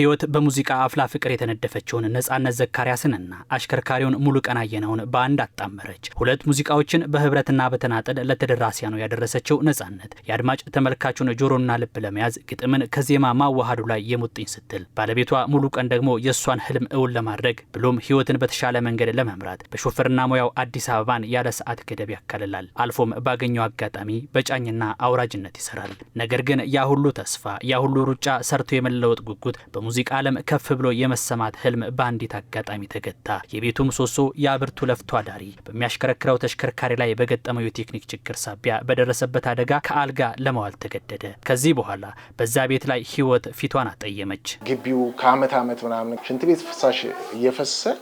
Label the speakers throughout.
Speaker 1: ህይወት በሙዚቃ አፍላ ፍቅር የተነደፈችውን ነጻነት ስንና አሽከርካሪውን ሙሉ ቀና አየነውን በአንድ አጣመረች። ሁለት ሙዚቃዎችን በህብረትና በተናጠል ለተደራሲያኑ ያደረሰችው ነጻነት የአድማጭ ተመልካቹን ጆሮና ልብ ለመያዝ ግጥምን ከዜማ ማዋሃዱ ላይ የሙጥኝ ስትል፣ ባለቤቷ ሙሉ ቀን ደግሞ የእሷን ህልም እውን ለማድረግ ብሎም ህይወትን በተሻለ መንገድ ለመምራት በሾፌርና ሙያው አዲስ አበባን ያለ ሰዓት ገደብ ያካልላል። አልፎም ባገኘው አጋጣሚ በጫኝና አውራጅነት ይሰራል። ነገር ግን ያ ሁሉ ተስፋ ያ ሁሉ ሩጫ ሰርቶ የመለወጥ ጉጉት በሙዚቃ ዓለም ከፍ ብሎ የመሰማት ህልም በአንዲት አጋጣሚ ተገታ። የቤቱ ምሰሶ የአብርቱ ለፍቶ አዳሪ በሚያሽከረክረው ተሽከርካሪ ላይ በገጠመው የቴክኒክ ችግር ሳቢያ በደረሰበት አደጋ ከአልጋ ለመዋል ተገደደ። ከዚህ በኋላ በዛ ቤት ላይ ህይወት ፊቷን አጠየመች።
Speaker 2: ግቢው ከአመት አመት ምናምን ሽንት ቤት ፍሳሽ እየፈሰሰ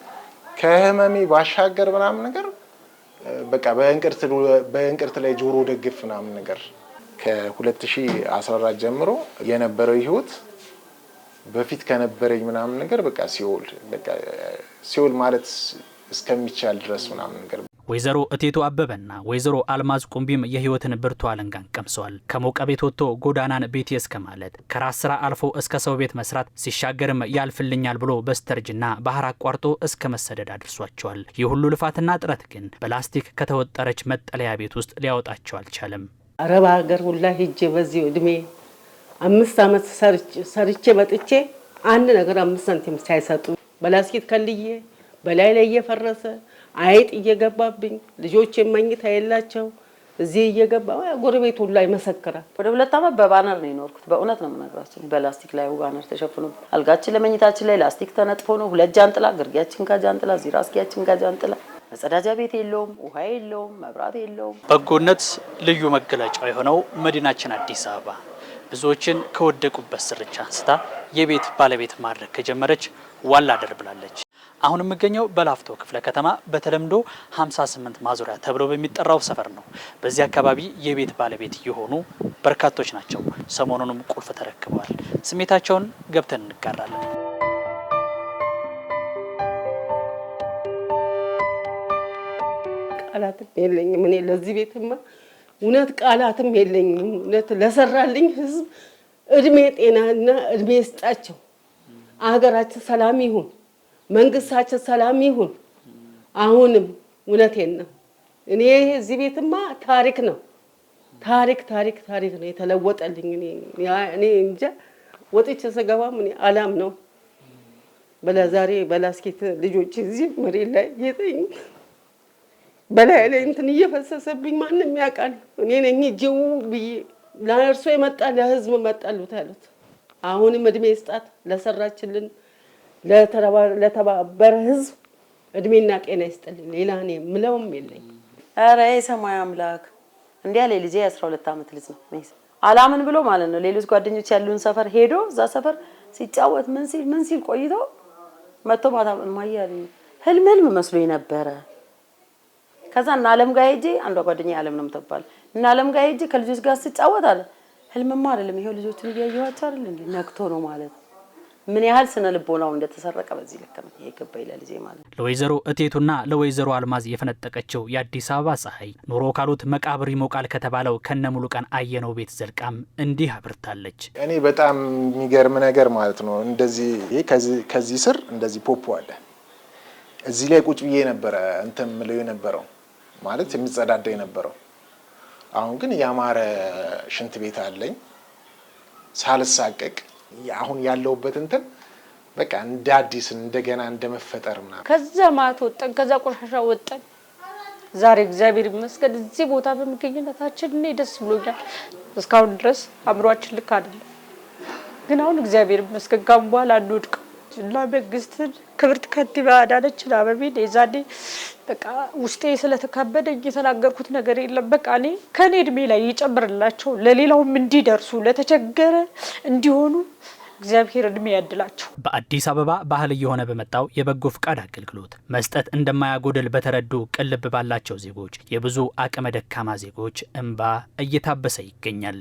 Speaker 2: ከህመሜ ባሻገር ምናምን ነገር በቃ በእንቅርት ላይ ጆሮ ደግፍ ምናምን ነገር ከ2014 ጀምሮ የነበረው ህይወት በፊት ከነበረኝ ምናምን ነገር በቃ ሲኦል ሲኦል ማለት እስከሚቻል ድረስ ምናምን ነገር
Speaker 1: ወይዘሮ እቴቱ አበበና ወይዘሮ አልማዝ ቁምቢም የህይወትን ብርቱ አለንጋን ቀምሰዋል። ከሞቀ ቤት ወጥቶ ጎዳናን ቤቴ እስከ ማለት ከራስ ስራ አልፎ እስከ ሰው ቤት መስራት ሲሻገርም ያልፍልኛል ብሎ በስተርጅና ባህር አቋርጦ እስከ መሰደድ አድርሷቸዋል። ይህ ሁሉ ልፋትና ጥረት ግን በላስቲክ ከተወጠረች መጠለያ ቤት ውስጥ ሊያወጣቸው አልቻለም።
Speaker 3: አረብ ሀገር ሁላ ሂጄ በዚህ እድሜ አምስት ዓመት ሰርቼ መጥቼ አንድ ነገር አምስት ሳንቲም ሳይሰጡ በላስኬት ከልዬ በላይ ላይ እየፈረሰ አይጥ እየገባብኝ ልጆች መኝታ የላቸው እዚህ እየገባ ጎረቤት ሁሉ ይመሰክራል።
Speaker 4: ወደ ሁለት ዓመት በባነር ነው የኖርኩት። በእውነት ነው የምነግራቸው። በላስቲክ ላይ ባነር ተሸፍኖ አልጋችን ለመኝታችን ላይ ላስቲክ ተነጥፎ ነው። ሁለት ጃንጥላ ግርጌያችን ጋር ጃንጥላ፣ እዚህ ራስጌያችን ጋር ጃንጥላ። መጸዳጃ ቤት የለውም፣ ውሃ የለውም፣ መብራት የለውም።
Speaker 5: በጎነት ልዩ መገለጫ የሆነው መዲናችን አዲስ አበባ ብዙዎችን ከወደቁበት ስርቻ አንስታ የቤት ባለቤት ማድረግ ከጀመረች ዋላ ደር ብላለች። አሁን የምገኘው በላፍቶ ክፍለ ከተማ በተለምዶ 58 ማዞሪያ ተብሎ በሚጠራው ሰፈር ነው። በዚህ አካባቢ የቤት ባለቤት የሆኑ በርካቶች ናቸው። ሰሞኑንም ቁልፍ ተረክበዋል። ስሜታቸውን ገብተን እንጋራለን።
Speaker 3: ቃላት የለኝም እኔ ለዚህ ቤትማ እውነት ቃላትም የለኝም። እውነት ለሰራልኝ ህዝብ እድሜ ጤናና እድሜ ይስጣቸው። አገራችን ሰላም ይሁን፣ መንግስታችን ሰላም ይሁን። አሁንም እውነቴን ነው። እኔ እዚህ ቤትማ ታሪክ ነው ታሪክ ታሪክ ታሪክ ነው የተለወጠልኝ። እኔ እንጃ ወጥቼ ስገባም እኔ አላም ነው በላ ዛሬ በላስኬት ልጆች እዚህ መሬት ላይ የተኙ በላይ ላይ እንትን እየፈሰሰብኝ ማንም ያውቃል። እኔ ነኝ ጅው ብዬ ለእርሶ የመጣ ለህዝብ መጣሉት ያሉት። አሁንም እድሜ ስጣት ለሰራችልን ለተባበረ ህዝብ እድሜና ጤና ይስጥልን። ሌላ እኔ ምለውም የለኝ።
Speaker 6: ኧረ የሰማይ አምላክ እንዲያ ላይ ልጄ የአስራ ሁለት ዓመት ልጅ ነው አላምን ብሎ ማለት ነው። ሌሎች ጓደኞች ያሉን ሰፈር ሄዶ እዛ ሰፈር ሲጫወት ምን ሲል ምን ሲል ቆይቶ መጥቶ ማታ ማያል ህልም ህልም መስሎኝ ነበረ ከዛ እና አለም ጋር ሄጄ አንዷ ጓደኛ አለም ነው የምትባል እና አለም ጋር ሄጄ ከልጆች ጋር ስጫወት አለ ህልምማ አይደለም ይሄው ልጆችን እያየኋቸው አይደል እንዴ ነክቶ ነው ማለት ምን ያህል ስነ ልቦናው እንደተሰረቀ በዚህ ልክ ነው ገባ ይላል ዜ ማለት ነው።
Speaker 1: ለወይዘሮ እቴቱና ለወይዘሮ አልማዝ የፈነጠቀችው የአዲስ አበባ ፀሐይ ኑሮ ካሉት መቃብር ይሞቃል ከተባለው ከነ ቀን አየነው ቤት ዘልቃም እንዲህ አብርታለች።
Speaker 2: እኔ በጣም የሚገርም ነገር ማለት ነው እንደዚህ ከዚህ ስር እንደዚህ ፖፖ አለ እዚህ ላይ ቁጭ ብዬ ነበረ እንትን ምለው የነበረው ማለት የሚጸዳዳ የነበረው። አሁን ግን ያማረ ሽንት ቤት አለኝ ሳልሳቀቅ። አሁን ያለውበት እንትን በቃ እንደ አዲስ እንደገና እንደመፈጠር ምናምን።
Speaker 3: ከዛ ማት ወጠን፣ ከዛ ቆሻሻ ወጠን። ዛሬ እግዚአብሔር ይመስገን እዚህ ቦታ በመገኘታችን እኔ ደስ ብሎኛል። እስካሁን ድረስ አእምሯችን ልክ አይደለም፣ ግን አሁን እግዚአብሔር ይመስገን ካሁን በኋላ አንወድቅም። ለመንግስትን ክብርት ከንቲባ አዳነች አቤቤን የዛኔ በቃ ውስጤ ስለተካበደ የተናገርኩት ነገር የለም። በቃ እኔ ከእኔ እድሜ ላይ ይጨምርላቸው፣ ለሌላውም እንዲደርሱ ለተቸገረ እንዲሆኑ እግዚአብሔር እድሜ ያድላቸው።
Speaker 1: በአዲስ አበባ ባህል እየሆነ በመጣው የበጎ ፍቃድ አገልግሎት መስጠት እንደማያጎድል በተረዱ ቅልብ ባላቸው ዜጎች የብዙ አቅመ ደካማ ዜጎች እንባ እየታበሰ ይገኛል።